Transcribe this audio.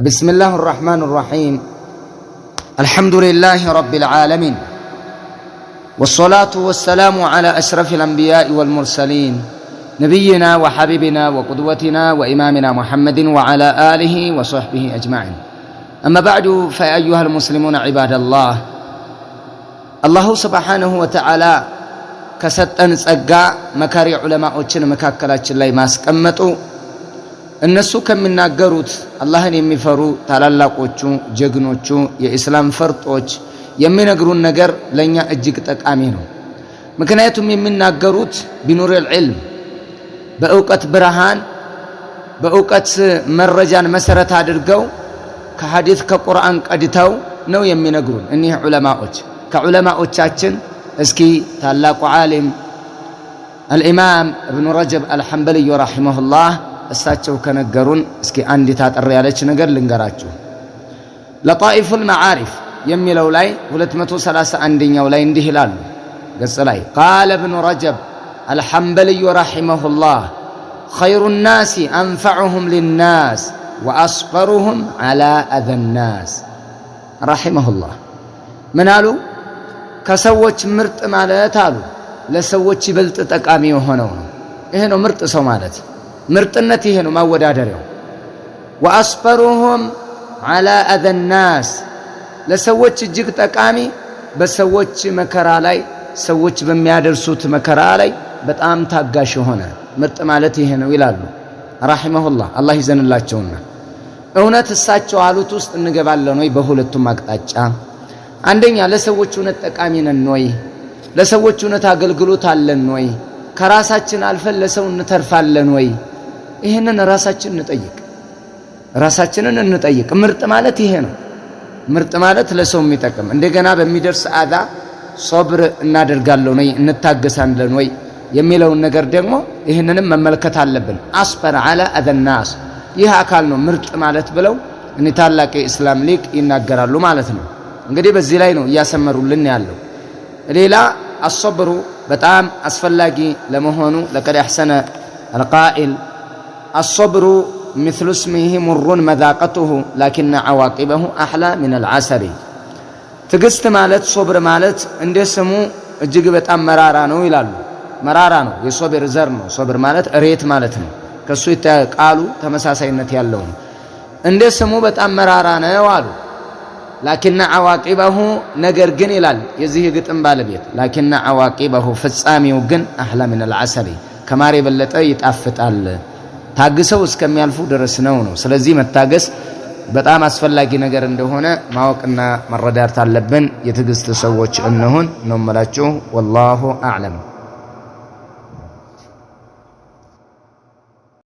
بسم الله الرحمن الرحيم الحمد لله رب العالمين والصلاة والسلام على أشرف الأنبياء والمرسلين نبينا وحبيبنا وقدوتنا وإمامنا محمد وعلى آله وصحبه أجمعين أما بعد فأيها المسلمون عباد الله الله سبحانه وتعالى كستن سقا مكاري علماء مكاكلات الله ماسك أمتو እነሱ ከሚናገሩት አላህን የሚፈሩ ታላላቆቹ ጀግኖቹ የኢስላም ፈርጦች የሚነግሩን ነገር ለእኛ እጅግ ጠቃሚ ነው። ምክንያቱም የሚናገሩት ቢኑር ዒልም በእውቀት ብርሃን በእውቀት መረጃን መሰረት አድርገው ከሐዲት ከቁርአን ቀድተው ነው የሚነግሩን እኒህ ዑለማዎች። ከዑለማዎቻችን እስኪ ታላቁ ዓሊም አልኢማም እብኑ ረጀብ አልሐንበልዮ ረሒመሁላህ እሳቸው ከነገሩን እስኪ አንዲት አጠር ያለች ነገር ልንገራችሁ። ለጣኢፉል መዓሪፍ የሚለው ላይ 231ኛው ላይ እንዲህ ይላሉ ገጽ ላይ ቃለ እብኑ ረጀብ አልሐንበልዩ ረሒመሁላህ ኸይሩ ናሲ አንፈዑሁም ልናስ ወአስቀሩሁም ዓላ አዘ ናስ ረሒመሁላህ ምን አሉ? ከሰዎች ምርጥ ማለት አሉ ለሰዎች ይበልጥ ጠቃሚ የሆነው ነው። ይሄ ነው ምርጥ ሰው ማለት ምርጥነት ይሄ ነው ማወዳደሪያው። ወአስፈሩሁም ዓላ አዘናስ ለሰዎች እጅግ ጠቃሚ በሰዎች መከራ ላይ ሰዎች በሚያደርሱት መከራ ላይ በጣም ታጋሽ የሆነ ምርጥ ማለት ይሄ ነው ይላሉ። ራሒመሁላህ አላህ ይዘንላቸውና እውነት እሳቸው አሉት ውስጥ እንገባለን ወይ? በሁለቱም አቅጣጫ አንደኛ ለሰዎች እውነት ጠቃሚ ነን ወይ? ለሰዎች እውነት አገልግሎት አለን ወይ? ከራሳችን አልፈን ለሰው እንተርፋለን ወይ? ይህንን ራሳችን እንጠይቅ፣ ራሳችንን እንጠይቅ። ምርጥ ማለት ይሄ ነው። ምርጥ ማለት ለሰው የሚጠቅም እንደገና በሚደርስ አዛ ሶብር እናደርጋለን ወይ እንታገሳለን ወይ የሚለውን ነገር ደግሞ ይህንንም መመልከት አለብን። አስፈር አለ አዘናስ ይህ አካል ነው ምርጥ ማለት ብለው እኔ ታላቅ የእስላም ሊቅ ይናገራሉ ማለት ነው። እንግዲህ በዚህ ላይ ነው እያሰመሩልን ያለው። ሌላ አሶብሩ በጣም አስፈላጊ ለመሆኑ ለቀድ አሕሰነ አልቃኢል አሶብሩ ምስሉ ስሚሂ ሙሩን መዛቀቱሁ ላኪነ አዋቂበሁ አሕላ ሚነል አሰሪ። ትግስት ማለት ሶብር ማለት እንደ ስሙ እጅግ በጣም መራራ ነው ይላሉ። መራራ ነው የሶብር ዘር ነው። ሶብር ማለት እሬት ማለት ነው። ከእሱ ቃሉ ተመሳሳይነት ያለው እንደ ስሙ በጣም መራራ ነው አሉ። ላኪነ አዋቂበሁ ነገር ግን ይላል የዚህ ግጥም ባለቤት ላኪነ አዋቂበሁ ፍጻሜው ግን አሕላ ሚነል አሰሪ ከማር የበለጠ ይጣፍጣል። ታግሰው እስከሚያልፉ ድረስ ነው ነው። ስለዚህ መታገስ በጣም አስፈላጊ ነገር እንደሆነ ማወቅና መረዳት አለብን። የትዕግስት ሰዎች እንሁን ነው እምላችሁ። ወላሁ አዕለም